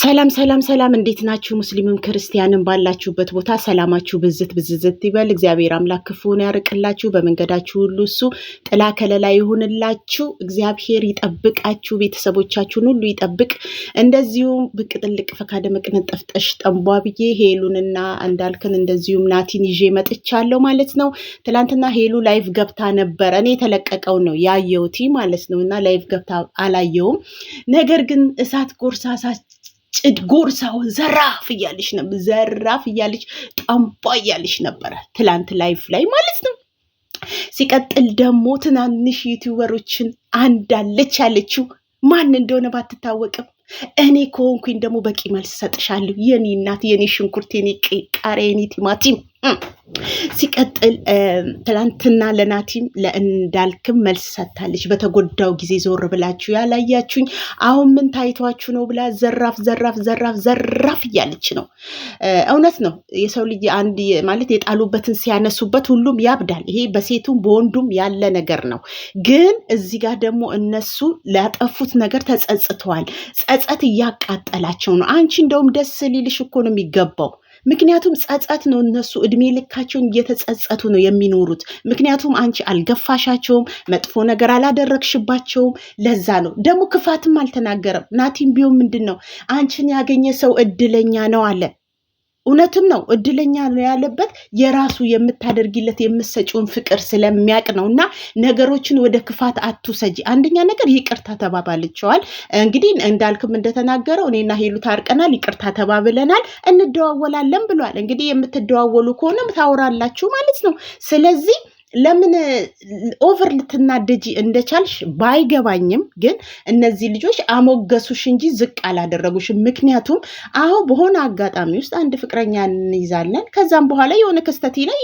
ሰላም ሰላም ሰላም፣ እንዴት ናችሁ? ሙስሊምም ክርስቲያንም ባላችሁበት ቦታ ሰላማችሁ ብዝት ብዝዝት ይበል። እግዚአብሔር አምላክ ክፉን ያርቅላችሁ፣ በመንገዳችሁ ሁሉ እሱ ጥላ ከለላ ይሁንላችሁ። እግዚአብሔር ይጠብቃችሁ፣ ቤተሰቦቻችሁን ሁሉ ይጠብቅ። እንደዚሁም ብቅ ጥልቅ ፈካደ መቅነጠፍ ጠንቧ ብዬ ሄሉንና እንዳልክን እንደዚሁም ናቲን ይዤ መጥቻለሁ ማለት ነው። ትላንትና ሄሉ ላይቭ ገብታ ነበረ። እኔ የተለቀቀው ነው ያየውቲ ማለት ነው እና ላይቭ ገብታ አላየውም። ነገር ግን እሳት ጎርሳሳች ጭድ ጎርሳውን ዘራፍ እያለች ነበር፣ ዘራፍ እያለች ጠንቧ እያለች ነበረ ትላንት ላይፍ ላይ ማለት ነው። ሲቀጥል ደግሞ ትናንሽ ዩቲዩበሮችን አንዳለች ያለችው ማን እንደሆነ ባትታወቅም እኔ ከሆንኩኝ ደግሞ በቂ መልስ ሰጥሻለሁ። የኔ እናት፣ የኔ ሽንኩርት፣ የኔ ቃሪያ፣ የኔ ቲማቲም ሲቀጥል ትላንትና ለናቲም ለእንዳልክም መልስ ሰጥታለች። በተጎዳው ጊዜ ዞር ብላችሁ ያላያችሁኝ አሁን ምን ታይቷችሁ ነው ብላ ዘራፍ ዘራፍ ዘራፍ ዘራፍ እያለች ነው። እውነት ነው። የሰው ልጅ አንድ ማለት የጣሉበትን ሲያነሱበት ሁሉም ያብዳል። ይሄ በሴቱም በወንዱም ያለ ነገር ነው። ግን እዚህ ጋር ደግሞ እነሱ ላጠፉት ነገር ተጸጽተዋል። ጸጸት እያቃጠላቸው ነው። አንቺ እንደውም ደስ ሊልሽ እኮ ነው የሚገባው ምክንያቱም ጸጸት ነው። እነሱ እድሜ ልካቸውን እየተጸጸቱ ነው የሚኖሩት። ምክንያቱም አንቺ አልገፋሻቸውም፣ መጥፎ ነገር አላደረግሽባቸውም። ለዛ ነው ደግሞ ክፋትም አልተናገረም። ናቲም ቢሆን ምንድን ነው አንቺን ያገኘ ሰው እድለኛ ነው አለ እውነትም ነው። እድለኛ ነው ያለበት የራሱ የምታደርጊለት የምሰጪውን ፍቅር ስለሚያቅ ነው። እና ነገሮችን ወደ ክፋት አትውሰጂ። አንደኛ ነገር ይቅርታ ተባባልቸዋል። እንግዲህ እንዳልክም እንደተናገረው እኔና ሄሉ ታርቀናል፣ ይቅርታ ተባብለናል፣ እንደዋወላለን ብሏል። እንግዲህ የምትደዋወሉ ከሆነ ታወራላችሁ ማለት ነው። ስለዚህ ለምን ኦቨር ልትናደጂ እንደቻልሽ ባይገባኝም ግን እነዚህ ልጆች አሞገሱሽ እንጂ ዝቅ አላደረጉሽም። ምክንያቱም አሁን በሆነ አጋጣሚ ውስጥ አንድ ፍቅረኛ እንይዛለን፣ ከዛም በኋላ የሆነ ክስተት ላይ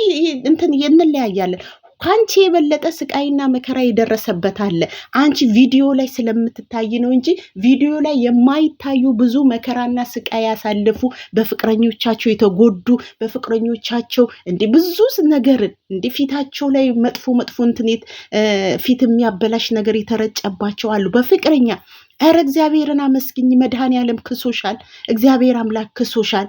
እንትን እንለያያለን። ከአንቺ የበለጠ ስቃይና መከራ የደረሰበት አለ። አንቺ ቪዲዮ ላይ ስለምትታይ ነው እንጂ ቪዲዮ ላይ የማይታዩ ብዙ መከራና ስቃይ ያሳለፉ በፍቅረኞቻቸው የተጎዱ በፍቅረኞቻቸው እንዲ ብዙ ነገር እንዲ ፊታቸው ላይ መጥፎ መጥፎ እንትኔት ፊት የሚያበላሽ ነገር የተረጨባቸው አሉ በፍቅረኛ ኧረ እግዚአብሔርን አመስግኝ መድኃኔ ክሶሻል፣ እግዚአብሔር አምላክ ክሶሻል።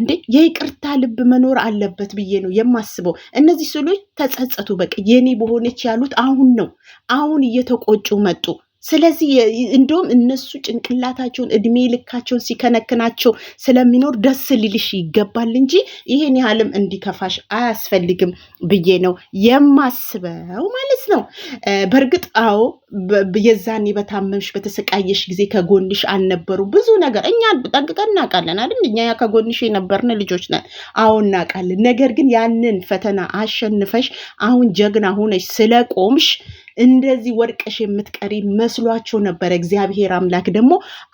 እንዴ የይቅርታ ልብ መኖር አለበት ብዬ ነው የማስበው። እነዚህ ስሎች ተጸጸቱ፣ በቃ የኔ በሆነች ያሉት አሁን ነው። አሁን እየተቆጩ መጡ። ስለዚህ እንደውም እነሱ ጭንቅላታቸውን እድሜ ልካቸውን ሲከነክናቸው ስለሚኖር ደስ ሊልሽ ይገባል እንጂ ይህን ያህልም እንዲከፋሽ አያስፈልግም ብዬ ነው የማስበው ማለት ነው። በእርግጥ አዎ፣ የዛኔ በታመምሽ በተሰቃየሽ ጊዜ ከጎንሽ አልነበሩ ብዙ ነገር እኛ ጠንቅቀን እናውቃለን አይደል? እኛ ከጎንሽ የነበርን ልጆች ነን። አዎ እናውቃለን። ነገር ግን ያንን ፈተና አሸንፈሽ አሁን ጀግና ሆነሽ ስለቆምሽ እንደዚህ ወድቀሽ የምትቀሪ መስሏቸው ነበረ። እግዚአብሔር አምላክ ደግሞ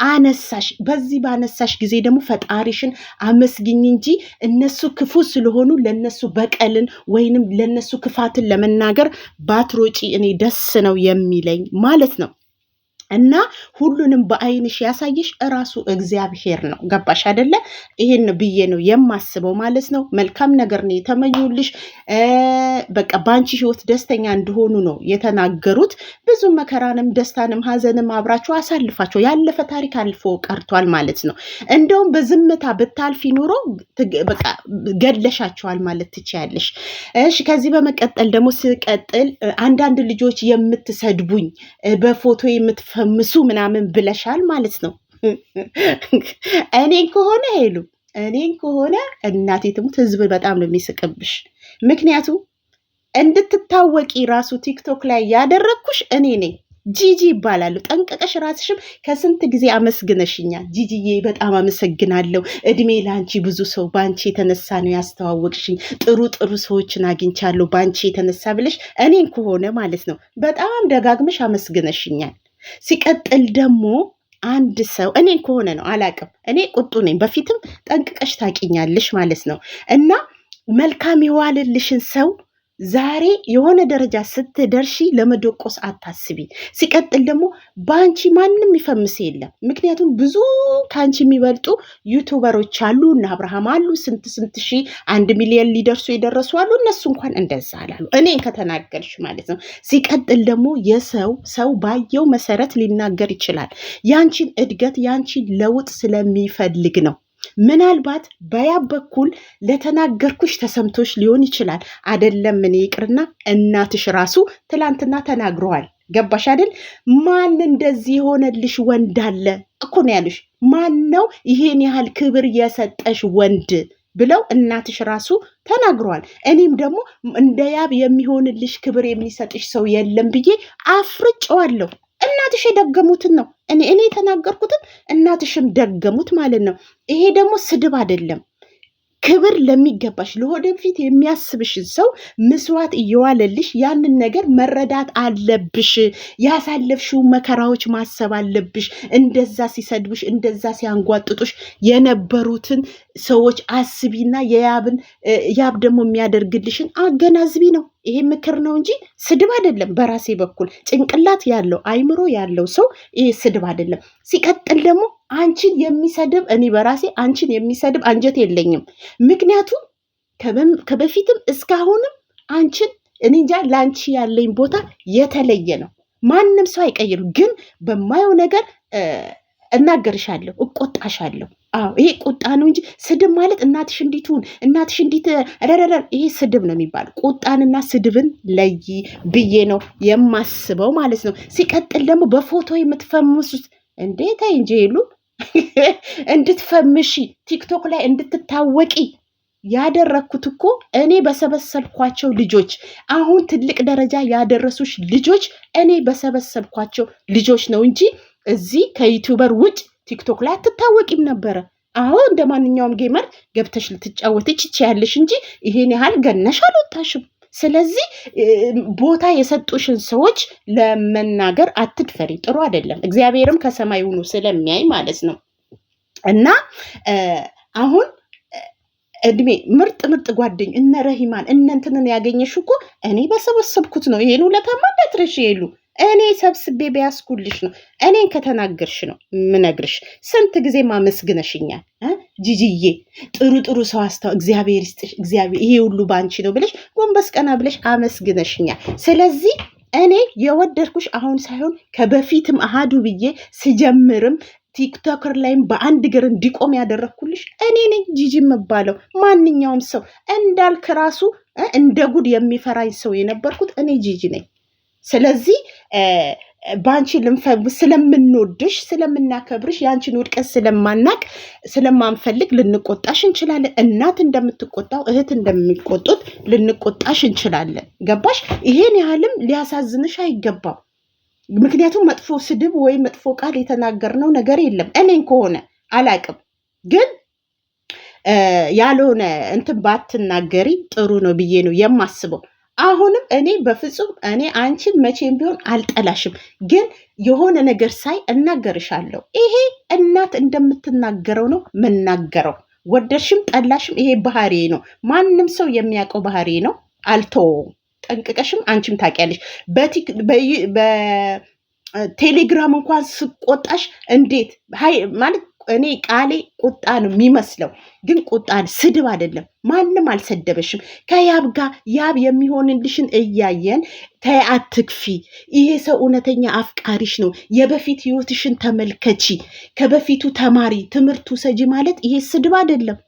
አነሳሽ። በዚህ ባነሳሽ ጊዜ ደግሞ ፈጣሪሽን አመስግኝ እንጂ እነሱ ክፉ ስለሆኑ ለነሱ በቀልን ወይንም ለነሱ ክፋትን ለመናገር ባትሮጪ እኔ ደስ ነው የሚለኝ ማለት ነው። እና ሁሉንም በአይንሽ ያሳየሽ እራሱ እግዚአብሔር ነው። ገባሽ አደለ? ይሄን ብዬ ነው የማስበው ማለት ነው። መልካም ነገር ነው የተመኙልሽ። በቃ በአንቺ ህይወት ደስተኛ እንደሆኑ ነው የተናገሩት። ብዙ መከራንም ደስታንም ሀዘንም አብራቸው አሳልፋቸው ያለፈ ታሪክ አልፎ ቀርቷል ማለት ነው። እንደውም በዝምታ ብታልፊ ኑሮ በቃ ገለሻቸዋል ማለት ትችያለሽ። እሺ ከዚህ በመቀጠል ደግሞ ስቀጥል አንዳንድ ልጆች የምትሰድቡኝ በፎቶ የምትፈ ቀምሱ ምናምን ብለሻል ማለት ነው። እኔን ከሆነ ሄሉ እኔን ከሆነ እናቴ ትሙት ህዝብ በጣም ነው የሚስቅብሽ። ምክንያቱም እንድትታወቂ ራሱ ቲክቶክ ላይ ያደረግኩሽ እኔ ነኝ። ጂጂ ይባላሉ። ጠንቀቀሽ ራስሽም ከስንት ጊዜ አመስግነሽኛል። ጂጂዬ በጣም አመሰግናለሁ። እድሜ ለአንቺ ብዙ ሰው በአንቺ የተነሳ ነው ያስተዋወቅሽኝ። ጥሩ ጥሩ ሰዎችን አግኝቻለሁ በአንቺ የተነሳ ብለሽ እኔን ከሆነ ማለት ነው በጣም ደጋግመሽ አመስግነሽኛል። ሲቀጥል ደግሞ አንድ ሰው እኔ ከሆነ ነው አላቅም። እኔ ቁጡ ነኝ፣ በፊትም ጠንቅቀሽ ታቂኛለሽ ማለት ነው እና መልካም የዋልልሽን ሰው ዛሬ የሆነ ደረጃ ስትደርሺ ለመደቆስ አታስቢ። ሲቀጥል ደግሞ በአንቺ ማንም ይፈምስ የለም። ምክንያቱም ብዙ ከአንቺ የሚበልጡ ዩቱበሮች አሉ፣ እና አብርሃም አሉ፣ ስንት ስንት ሺ አንድ ሚሊዮን ሊደርሱ የደረሱ አሉ። እነሱ እንኳን እንደዛ አላሉ፣ እኔን ከተናገርሽ ማለት ነው። ሲቀጥል ደግሞ የሰው ሰው ባየው መሰረት ሊናገር ይችላል። ያንቺን እድገት ያንቺን ለውጥ ስለሚፈልግ ነው። ምናልባት በያብ በኩል ለተናገርኩሽ ተሰምቶሽ ሊሆን ይችላል። አደለም እኔ ይቅርና እናትሽ ራሱ ትላንትና ተናግረዋል። ገባሽ አይደል? ማን እንደዚህ የሆነልሽ ወንድ አለ እኮ ነው ያሉሽ። ማን ነው ይሄን ያህል ክብር የሰጠሽ ወንድ ብለው እናትሽ ራሱ ተናግረዋል። እኔም ደግሞ እንደ ያብ የሚሆንልሽ ክብር የሚሰጥሽ ሰው የለም ብዬ አፍርጨዋለሁ። እናትሽ የደገሙትን ነው እኔ እኔ የተናገርኩትን እናትሽም ደገሙት ማለት ነው። ይሄ ደግሞ ስድብ አይደለም። ክብር ለሚገባሽ ለወደፊት የሚያስብሽን ሰው ምስዋት እየዋለልሽ ያንን ነገር መረዳት አለብሽ። ያሳለፍሽው መከራዎች ማሰብ አለብሽ። እንደዛ ሲሰድብሽ፣ እንደዛ ሲያንጓጥጡሽ የነበሩትን ሰዎች አስቢና የያብን ያብ ደግሞ የሚያደርግልሽን አገናዝቢ ነው። ይሄ ምክር ነው እንጂ ስድብ አይደለም። በራሴ በኩል ጭንቅላት ያለው አይምሮ ያለው ሰው ይሄ ስድብ አይደለም። ሲቀጥል ደግሞ አንቺን የሚሰድብ እኔ በራሴ አንቺን የሚሰድብ አንጀት የለኝም። ምክንያቱም ከበፊትም እስካሁንም አንቺን እኔ እንጃ ለአንቺ ያለኝ ቦታ የተለየ ነው። ማንም ሰው አይቀይሩ። ግን በማየው ነገር እናገርሻለሁ፣ እቆጣሻለሁ። አዎ ይሄ ቁጣ ነው እንጂ ስድብ ማለት እናትሽ እንዲትሁን እናትሽ እንዲት ረረረ ይሄ ስድብ ነው የሚባል። ቁጣንና ስድብን ለይ ብዬ ነው የማስበው ማለት ነው። ሲቀጥል ደግሞ በፎቶ የምትፈምሱት እንዴ ተይ እንጂ ሄሉ እንድትፈምሺ ቲክቶክ ላይ እንድትታወቂ ያደረግኩት እኮ እኔ በሰበሰብኳቸው ልጆች አሁን ትልቅ ደረጃ ያደረሱሽ ልጆች እኔ በሰበሰብኳቸው ልጆች ነው እንጂ እዚህ ከዩቱበር ውጭ ቲክቶክ ላይ አትታወቂም ነበረ። አዎ እንደ ማንኛውም ጌመር ገብተሽ ልትጫወት ትችያለሽ እንጂ ይሄን ያህል ገነሽ አልወጣሽም። ስለዚህ ቦታ የሰጡሽን ሰዎች ለመናገር አትድፈሪ፣ ጥሩ አይደለም። እግዚአብሔርም ከሰማይ ሆኖ ስለሚያይ ማለት ነው እና አሁን እድሜ ምርጥ ምርጥ ጓደኝ እነ ረሂማን እነንትንን ያገኘሽ እኮ እኔ በሰበሰብኩት ነው። ይሄን ሁለታማ እንዳትረሽ ይሉ እኔ ሰብስቤ ቢያስኩልሽ ነው። እኔን ከተናገርሽ ነው ምነግርሽ። ስንት ጊዜ ማመስግነሽኛል ጂጂዬ፣ ጥሩ ጥሩ ሰው አስታው እግዚአብሔር ይስጥሽ፣ እግዚአብሔር ይሄ ሁሉ ባንቺ ነው ብለሽ ጎንበስ ቀና ብለሽ አመስግነሽኛል። ስለዚህ እኔ የወደድኩሽ አሁን ሳይሆን ከበፊትም አሃዱ ብዬ ስጀምርም ቲክቶከር ላይም በአንድ እግር እንዲቆም ያደረግኩልሽ እኔ ነኝ። ጂጂ የምባለው ማንኛውም ሰው እንዳልክ ራሱ እንደ ጉድ የሚፈራኝ ሰው የነበርኩት እኔ ጂጂ ነኝ። ስለዚህ በአንቺ ስለምንወድሽ ስለምናከብርሽ የአንቺን ውድቀት ስለማናቅ ስለማንፈልግ ልንቆጣሽ እንችላለን። እናት እንደምትቆጣው እህት እንደሚቆጡት ልንቆጣሽ እንችላለን። ገባሽ? ይሄን ያህልም ሊያሳዝንሽ አይገባም። ምክንያቱም መጥፎ ስድብ ወይም መጥፎ ቃል የተናገርነው ነገር የለም። እኔን ከሆነ አላቅም፣ ግን ያልሆነ እንትን ባትናገሪ ጥሩ ነው ብዬ ነው የማስበው። አሁንም እኔ በፍጹም እኔ አንቺ መቼም ቢሆን አልጠላሽም፣ ግን የሆነ ነገር ሳይ እናገርሻለሁ። ይሄ እናት እንደምትናገረው ነው የምናገረው። ወደድሽም ጠላሽም ይሄ ባህሪ ነው። ማንም ሰው የሚያውቀው ባህሪ ነው። አልተወውም። ጠንቅቀሽም አንቺም ታውቂያለሽ። በቴሌግራም እንኳን ስቆጣሽ እንዴት ማለት እኔ ቃሌ ቁጣ ነው የሚመስለው፣ ግን ቁጣ ስድብ አይደለም። ማንም አልሰደበሽም። ከያብ ጋር ያብ የሚሆንልሽን እያየን ተይ፣ አትክፊ። ይሄ ሰው እውነተኛ አፍቃሪሽ ነው። የበፊት ህይወትሽን ተመልከቺ፣ ከበፊቱ ተማሪ፣ ትምህርቱ ሰጂ ማለት ይሄ ስድብ አይደለም።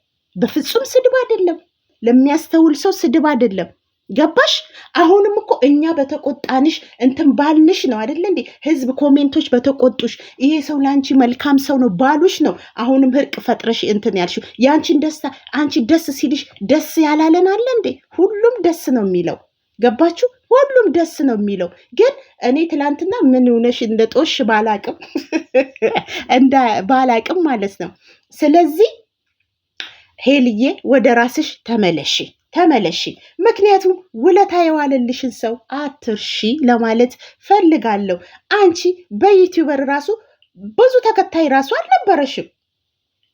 በፍጹም ስድብ አይደለም። ለሚያስተውል ሰው ስድብ አይደለም። ገባሽ? አሁንም እኮ እኛ በተቆጣንሽ እንትን ባልንሽ ነው አይደለ እንዴ? ህዝብ ኮሜንቶች በተቆጡሽ ይሄ ሰው ለአንቺ መልካም ሰው ነው ባሉሽ ነው አሁንም እርቅ ፈጥረሽ እንትን ያልሽው። የአንቺን ደስታ አንቺ ደስ ሲልሽ ደስ ያላለን አለ እንዴ? ሁሉም ደስ ነው የሚለው ገባችሁ? ሁሉም ደስ ነው የሚለው ግን እኔ ትላንትና ምን ሆነሽ እንደ ጦሽ ባላቅም እንደ ባላቅም ማለት ነው። ስለዚህ ሄልዬ ወደ ራስሽ ተመለሽ። ተመለሺ። ምክንያቱም ውለታ የዋለልሽን ሰው አትርሺ ለማለት ፈልጋለሁ። አንቺ በዩቲዩበር ራሱ ብዙ ተከታይ ራሱ አልነበረሽም።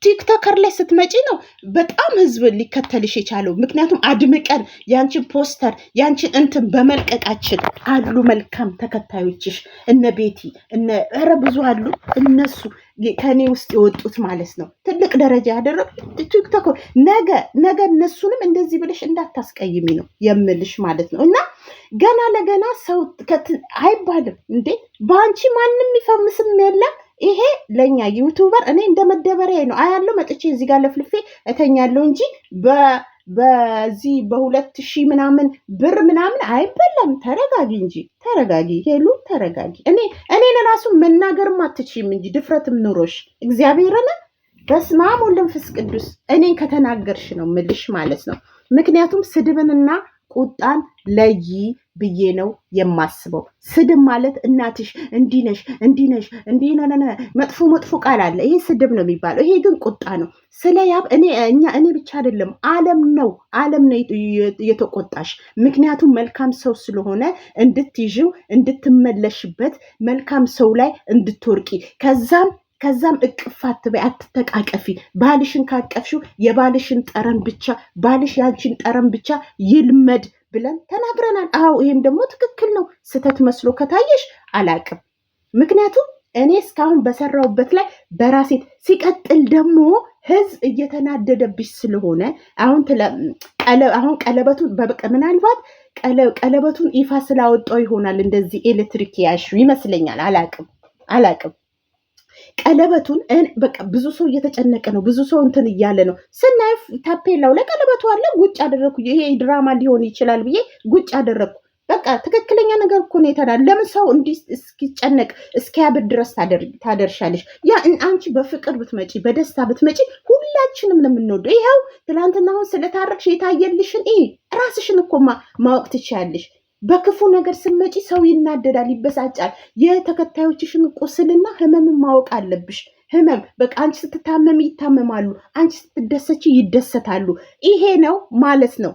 ቲክቶከር ላይ ስትመጪ ነው በጣም ህዝብ ሊከተልሽ የቻለው። ምክንያቱም አድምቀን ያንቺን ፖስተር ያንቺን እንትን በመልቀቃችን አሉ መልካም ተከታዮችሽ እነ ቤቲ እነ ኧረ ብዙ አሉ። እነሱ ከእኔ ውስጥ የወጡት ማለት ነው ትልቅ ደረጃ ያደረጉ ቲክቶክ። ነገ ነገ እነሱንም እንደዚህ ብለሽ እንዳታስቀይሚ ነው የምልሽ ማለት ነው። እና ገና ለገና ሰው አይባልም እንዴ በአንቺ ማንም ይፈምስም የለም ይሄ ለእኛ ዩቱበር እኔ እንደ መደበሪያ ነው አያለው መጥቼ እዚህ ጋር ለፍልፌ እተኛለሁ እንጂ በዚህ በሁለት ሺህ ምናምን ብር ምናምን አይበላም። ተረጋጊ እንጂ ተረጋጊ፣ ሄሉ ተረጋጊ። እኔ እኔን ራሱ መናገርም አትችም እንጂ ድፍረትም ኑሮሽ እግዚአብሔርን በስመ አብ ወወልድ ወመንፈስ ቅዱስ እኔን ከተናገርሽ ነው ምልሽ ማለት ነው። ምክንያቱም ስድብንና ቁጣን ለይ ብዬ ነው የማስበው። ስድብ ማለት እናትሽ እንዲነሽ እንዲነሽ እንዲህ መጥፎ መጥፎ ቃል አለ። ይሄ ስድብ ነው የሚባለው። ይሄ ግን ቁጣ ነው። ስለ ያብ እኔ እኛ እኔ ብቻ አይደለም ዓለም ነው ዓለም ነው የተቆጣሽ። ምክንያቱም መልካም ሰው ስለሆነ እንድትይዥው እንድትመለሽበት፣ መልካም ሰው ላይ እንድትወርቂ ከዛም ከዛም እቅፋት በይ አትተቃቀፊ። ባልሽን ካቀፍሽው የባልሽን ጠረን ብቻ ባልሽ ያንቺን ጠረን ብቻ ይልመድ። ብለን ተናግረናል። አዎ ይህም ደግሞ ትክክል ነው። ስህተት መስሎ ከታየሽ አላቅም። ምክንያቱም እኔ እስካሁን በሰራውበት ላይ በራሴት ሲቀጥል ደግሞ ህዝብ እየተናደደብሽ ስለሆነ አሁን አሁን ቀለበቱን በበቀ ምናልባት ቀለበቱን ይፋ ስላወጣው ይሆናል እንደዚህ ኤሌክትሪክ ያሹ ይመስለኛል። አላቅም አላቅም ቀለበቱን በቃ ብዙ ሰው እየተጨነቀ ነው። ብዙ ሰው እንትን እያለ ነው ስናይ ታፔላው ላይ ቀለበቱ አለ። ጉጭ አደረግኩ። ይሄ ድራማ ሊሆን ይችላል ብዬ ጉጭ አደረግኩ። በቃ ትክክለኛ ነገር እኮ ነው የተናል። ለምን ሰው እንዲህ እስኪጨነቅ እስኪያብድ ድረስ ታደርሻለሽ? ያ አንቺ በፍቅር ብትመጪ በደስታ ብትመጪ ሁላችንም ነው የምንወደው። ይኸው ትናንትና አሁን ስለታረቅሽ የታየልሽን ራስሽን እኮ ማወቅ ትችያለሽ። በክፉ ነገር ስመጪ ሰው ይናደዳል፣ ይበሳጫል። የተከታዮችሽን ቁስልና ህመምን ማወቅ አለብሽ። ህመም በቃ አንቺ ስትታመም ይታመማሉ፣ አንቺ ስትደሰች ይደሰታሉ። ይሄ ነው ማለት ነው።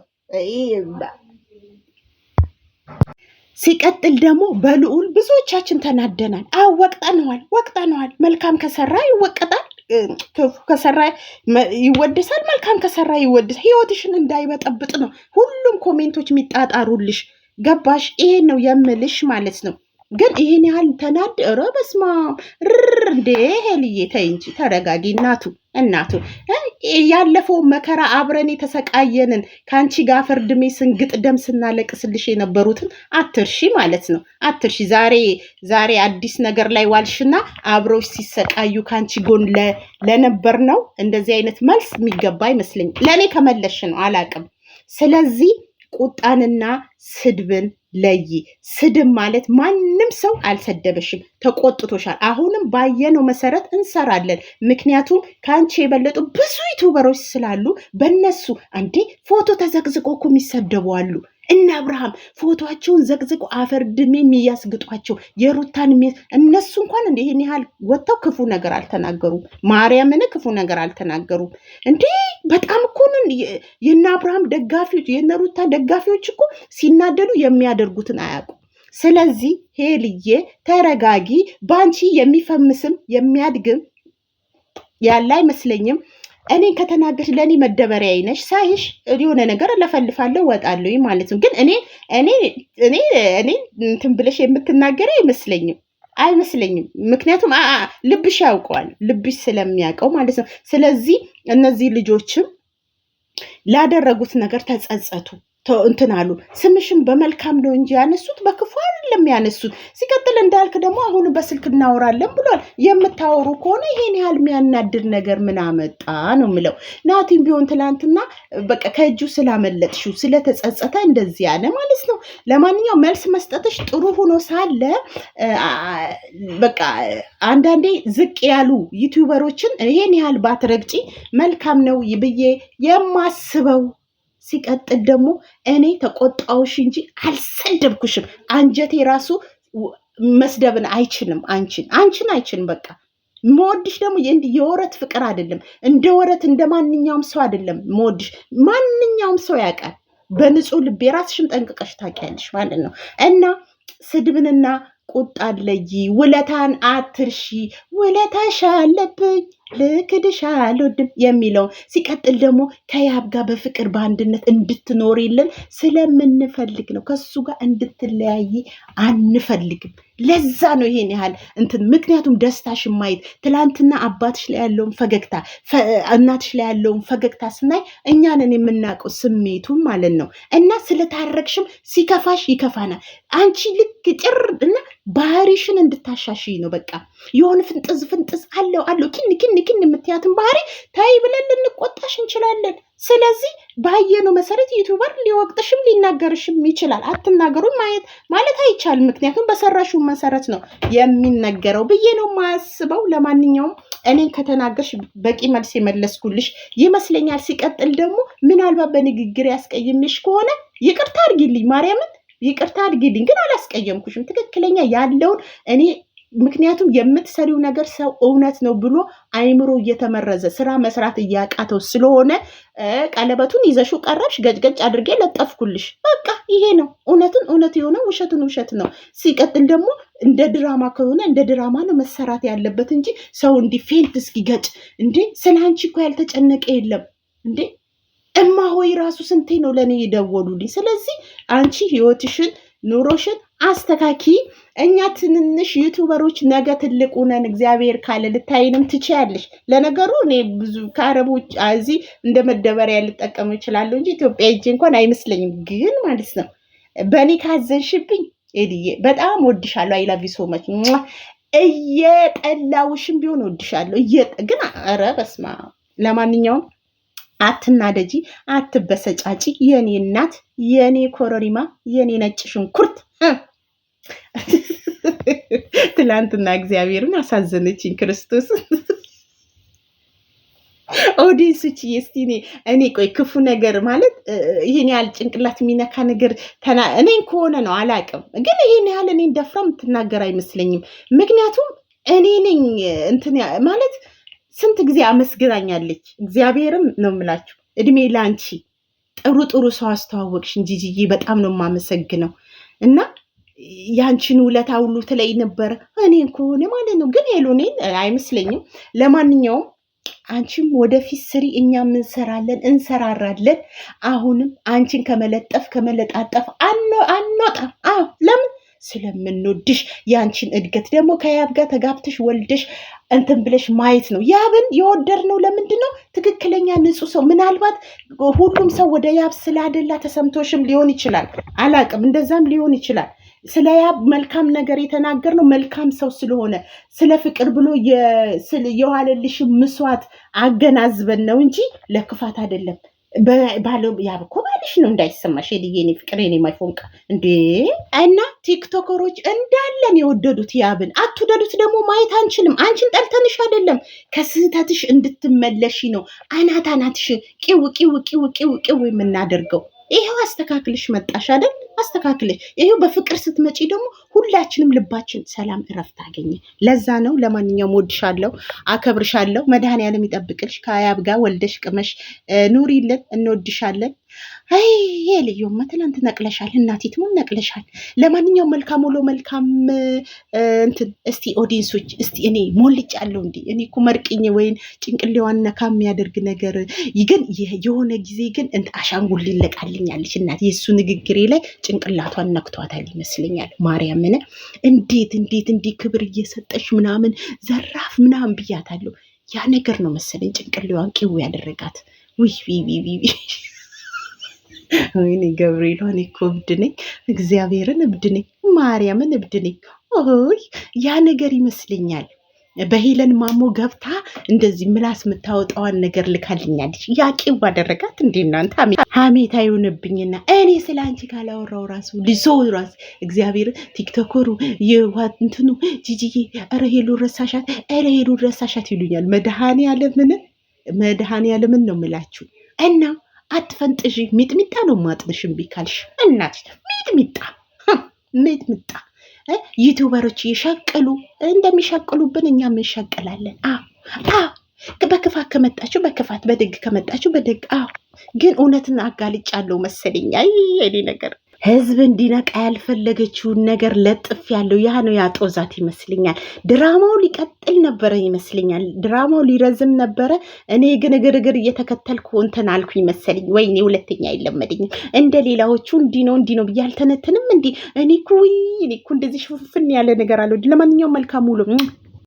ሲቀጥል ደግሞ በልዑል ብዙዎቻችን ተናደናል። አዎ ወቅጠነዋል፣ ወቅጠነዋል። መልካም ከሰራ ይወቀጣል ክፉ ከሰራ ይወደሳል። መልካም ከሰራ ይወደሳል። ህይወትሽን እንዳይበጠብጥ ነው ሁሉም ኮሜንቶች የሚጣጣሩልሽ። ገባሽ? ይሄን ነው የምልሽ ማለት ነው። ግን ይሄን ያህል ተናድ ኧረ ርር እንዴ ሄልዬ፣ ተይ እንጂ ተረጋጊ። እናቱ እናቱ ያለፈው መከራ አብረን የተሰቃየንን ከአንቺ ጋር ፍርድሜ ስንግጥ ደም ስናለቅስልሽ የነበሩትን አትርሺ ማለት ነው። አትርሺ። ዛሬ ዛሬ አዲስ ነገር ላይ ዋልሽና አብረው ሲሰቃዩ ከአንቺ ጎን ለነበር ነው እንደዚህ አይነት መልስ የሚገባ አይመስለኝም። ለእኔ ከመለሽ ነው አላቅም። ስለዚህ ቁጣንና ስድብን ለይ። ስድብ ማለት ማንም ሰው አልሰደበሽም፣ ተቆጥቶሻል። አሁንም ባየነው መሰረት እንሰራለን። ምክንያቱም ከአንቺ የበለጡ ብዙ ዩቱበሮች ስላሉ በነሱ እንዲህ ፎቶ ተዘግዝቆ እኮ የሚሰደቡ አሉ። እነ አብርሃም ፎቶቸውን ዘቅዝቁ አፈር ድሜ የሚያስግጧቸው የሩታን እነሱ እንኳን እንደ ይህን ያህል ወጥተው ክፉ ነገር አልተናገሩም። ማርያምን ክፉ ነገር አልተናገሩም። እንዲህ በጣም እኮንን የነ አብርሃም ደጋፊዎች የነ ሩታ ደጋፊዎች እኮ ሲናደዱ የሚያደርጉትን አያውቁም። ስለዚህ ሄልዬ ተረጋጊ። በአንቺ የሚፈምስም የሚያድግም ያለ አይመስለኝም። እኔ ከተናገርሽ ለእኔ መደበሪያ ነሽ። ሳይሽ የሆነ ነገር ለፈልፋለሁ ወጣለሁ ማለት ነው። ግን እኔ እኔ እኔ እኔ እንትን ብለሽ የምትናገሪ አይመስለኝም አይመስለኝም። ምክንያቱም ልብሽ ያውቀዋል ልብሽ ስለሚያውቀው ማለት ነው። ስለዚህ እነዚህ ልጆችም ላደረጉት ነገር ተጸጸቱ። እንትን አሉ። ስምሽን በመልካም ነው እንጂ ያነሱት በክፉ አይደለም ያነሱት። ሲቀጥል እንዳልክ ደግሞ አሁን በስልክ እናወራለን ብሏል። የምታወሩ ከሆነ ይሄን ያህል የሚያናድር ነገር ምን አመጣ ነው የምለው። ናቲም ቢሆን ትላንትና በቃ ከእጁ ስላመለጥሹ ስለተጸጸተ እንደዚህ ያለ ማለት ነው። ለማንኛው መልስ መስጠትሽ ጥሩ ሆኖ ሳለ በቃ አንዳንዴ ዝቅ ያሉ ዩቲዩበሮችን ይሄን ያህል ባትረግጪ መልካም ነው ብዬ የማስበው ሲቀጥል ደግሞ እኔ ተቆጣውሽ እንጂ አልሰደብኩሽም። አንጀቴ ራሱ መስደብን አይችልም። አንቺን አንቺን አይችልም። በቃ መወድሽ ደግሞ የወረት ፍቅር አይደለም። እንደ ወረት እንደ ማንኛውም ሰው አይደለም መወድሽ። ማንኛውም ሰው ያውቃል። በንጹህ ልቤ ራስሽም ጠንቅቀሽ ታውቂያለሽ ማለት ነው እና ስድብንና ቁጣ ለይ፣ ውለታን አትርሺ። ውለታሽ አለብኝ ልክድሽ አልወድም የሚለው ሲቀጥል ደግሞ ከያብ ጋር በፍቅር በአንድነት እንድትኖሪልን ስለምንፈልግ ነው። ከሱ ጋር እንድትለያይ አንፈልግም። ለዛ ነው ይሄን ያህል እንትን ምክንያቱም ደስታሽ ማየት ትላንትና አባትሽ ላይ ያለውን ፈገግታ፣ እናትሽ ላይ ያለውን ፈገግታ ስናይ እኛንን የምናውቀው ስሜቱ ማለት ነው። እና ስለታረቅሽም ሲከፋሽ ይከፋናል። አንቺ ልክ ጭር እና ባህሪሽን እንድታሻሽይ ነው። በቃ የሆነ ፍንጥዝ ፍንጥዝ አለው አለው ኪን ኪን ኪን የምትያትን ባህሪ ታይ ብለን ልንቆጣሽ እንችላለን። ስለዚህ ባየነው መሰረት ዩቱበር ሊወቅጥሽም ሊናገርሽም ይችላል። አትናገሩን ማየት ማለት አይቻልም። ምክንያቱም በሰራሽው መሰረት ነው የሚነገረው ብዬ ነው ማስበው ለማንኛውም እኔን ከተናገርሽ በቂ መልስ የመለስኩልሽ ይመስለኛል። ሲቀጥል ደግሞ ምናልባት በንግግር ያስቀይምሽ ከሆነ ይቅርታ አድርጊልኝ ማርያምን ይቅርታ አድርጊልኝ፣ ግን አላስቀየምኩሽም። ትክክለኛ ያለውን እኔ ምክንያቱም የምትሰሪው ነገር ሰው እውነት ነው ብሎ አይምሮ እየተመረዘ ስራ መስራት እያቃተው ስለሆነ ቀለበቱን ይዘሽው ቀረብሽ፣ ገጭገጭ አድርጌ ለጠፍኩልሽ። በቃ ይሄ ነው እውነትን እውነት የሆነ ውሸትን ውሸት ነው። ሲቀጥል ደግሞ እንደ ድራማ ከሆነ እንደ ድራማ ነው መሰራት ያለበት እንጂ ሰው እንዲህ ፌንት እስኪገጭ እንዴ! ስለ አንቺ እኮ ያልተጨነቀ የለም እንዴ! እማ ሆይ ራሱ ስንቴ ነው ለእኔ የደወሉልኝ። ስለዚህ አንቺ ህይወትሽን ኑሮሽን አስተካኪ። እኛ ትንንሽ ዩቱበሮች ነገ ትልቁ ነን፣ እግዚአብሔር ካለ ልታይንም ትችያለሽ። ለነገሩ እኔ ብዙ ከአረብ ውጭ እዚህ እንደ መደበሪያ ልጠቀሙ ይችላለሁ እንጂ ኢትዮጵያ እጅ እንኳን አይመስለኝም። ግን ማለት ነው በእኔ ካዘንሽብኝ ኤድዬ በጣም ወድሻለሁ። አይላቪ ሶመች እየጠላውሽም ቢሆን ወድሻለሁ። ግን ኧረ በስመ አብ ለማንኛውም አትናደጂ፣ አትበሰጫጪ፣ የኔ እናት፣ የኔ ኮረሪማ፣ የኔ ነጭ ሽንኩርት። ትላንትና እግዚአብሔርን አሳዘነችኝ ክርስቶስ ኦዲንሶች እስቲ እኔ ቆይ ክፉ ነገር ማለት ይህን ያህል ጭንቅላት የሚነካ ነገር እኔን ከሆነ ነው አላውቅም፣ ግን ይህን ያህል እኔን ደፍራ የምትናገር አይመስለኝም። ምክንያቱም እኔ ነኝ እንትን ማለት ስንት ጊዜ አመስግናኛለች። እግዚአብሔርም ነው የምላችሁ እድሜ ለአንቺ ጥሩ ጥሩ ሰው አስተዋወቅሽን ጂጂዬ፣ በጣም ነው የማመሰግነው እና ያንቺን ውለታ ሁሉ ትለይ ነበረ። እኔ ከሆነ ማለት ነው ግን የሉ እኔን አይመስለኝም። ለማንኛውም አንቺም ወደፊት ስሪ፣ እኛም እንሰራለን እንሰራራለን። አሁንም አንቺን ከመለጠፍ ከመለጣጠፍ አንወጣም። ለምን ስለምንወድሽ ያንቺን እድገት ደግሞ ከያብ ጋር ተጋብተሽ ወልደሽ እንትን ብለሽ ማየት ነው። ያብን የወደድነው ለምንድን ነው? ትክክለኛ ንጹህ ሰው። ምናልባት ሁሉም ሰው ወደ ያብ ስላደላ ተሰምቶሽም ሊሆን ይችላል። አላቅም፣ እንደዛም ሊሆን ይችላል። ስለ ያብ መልካም ነገር የተናገርነው መልካም ሰው ስለሆነ ስለ ፍቅር ብሎ የዋለልሽ ምስዋት አገናዝበን ነው እንጂ ለክፋት አይደለም። ባለው ያብ እኮ ባልሽ ነው እንዳይሰማሽ፣ የልዬኔ ፍቅር ኔ ማይፎንቃ እንዴ! እና ቲክቶከሮች እንዳለን የወደዱት ያብን አትወደዱት ደግሞ ማየት አንችልም። አንቺን ጠልተንሽ አይደለም፣ ከስህተትሽ እንድትመለሺ ነው። አናት አናትሽ ቅው ቅው ቅው ቅው ቅው የምናደርገው ይሄው አስተካክልሽ መጣሽ አይደል? አስተካክልሽ ይሄው። በፍቅር ስትመጪ ደግሞ ሁላችንም ልባችን ሰላም እረፍት አገኘ። ለዛ ነው። ለማንኛውም ወድሻለሁ፣ አከብርሻለሁ። መድኃኔዓለም ይጠብቅልሽ። ከአያብ ጋር ወልደሽ ቅመሽ ኑሪልን። እንወድሻለን። አይ ይሄ ልዩማ ትናንት ነቅለሻል፣ እናቲቱም ነቅለሻል። ለማንኛውም መልካም ውሎ መልካም እንትን። እስቲ ኦዲንሶች እስቲ እኔ ሞልጭ አለው እንዲ እኔ እኮ መርቅኝ ወይን ጭንቅሌዋን ነካ የሚያደርግ ነገር ግን የሆነ ጊዜ ግን እንት አሻንጉል ሊለቃልኛለች እናት የእሱ ንግግሬ ላይ ጭንቅላቷን ነክቷታል ይመስለኛል። ማርያምን እንዴት እንዴት እንዲ ክብር እየሰጠች ምናምን ዘራፍ ምናምን ብያታለሁ። ያ ነገር ነው መሰለኝ ጭንቅሌዋን ቂው ያደረጋት ውይ ወይኔ ገብርኤል እኔ እኮ እብድ ነኝ፣ እግዚአብሔርን እብድ ነኝ፣ ማርያምን እብድ ነኝ። ኦይ ያ ነገር ይመስለኛል። በሄለን ማሞ ገብታ እንደዚህ ምላስ የምታወጣዋን ነገር ልካልኛለች። ያቄው አደረጋት እንዴ እናንተ ሀሜት ይሆንብኝና እኔ ስለ አንቺ ካላወራው ራሱ ልዞ ራስ እግዚአብሔር ቲክቶኮሩ የዋትንትኑ ጂጂዬ ኧረ ሄሉ ረሳሻት፣ ኧረ ሄሉ ረሳሻት ይሉኛል። መድሃኒ ያለምን መድሃኒ ያለምን ነው ምላችሁ እና አትፈንጥሽ፣ ሚጥሚጣ ነው ማጥንሽ። እምቢ ካልሽ እናትሽ ሚጥሚጣ ሚጥሚጣ። ዩቲዩበሮች ይሸቅሉ እንደሚሸቅሉብን እኛም እንሸቅላለን። በክፋት ከመጣችሁ በክፋት፣ በደግ ከመጣችሁ በደግ። ግን እውነትን አጋልጫለሁ መሰለኝ። አይ የኔ ነገር ህዝብ እንዲነቃ ያልፈለገችውን ነገር ለጥፍ ያለው ያ ነው ያጦዛት ይመስልኛል። ድራማው ሊቀጥል ነበረ ይመስልኛል። ድራማው ሊረዝም ነበረ። እኔ ግን ግርግር እየተከተልኩ እንትን አልኩ ይመሰልኝ። ወይኔ ሁለተኛ አይለመደኝም። እንደ ሌላዎቹ እንዲ ነው እንዲ ነው ብዬ አልተነትንም። እንዲ እኔ እኮ ውይ እኔ እኮ እንደዚህ ሽፍፍን ያለ ነገር አለ። ለማንኛውም መልካም ውሎ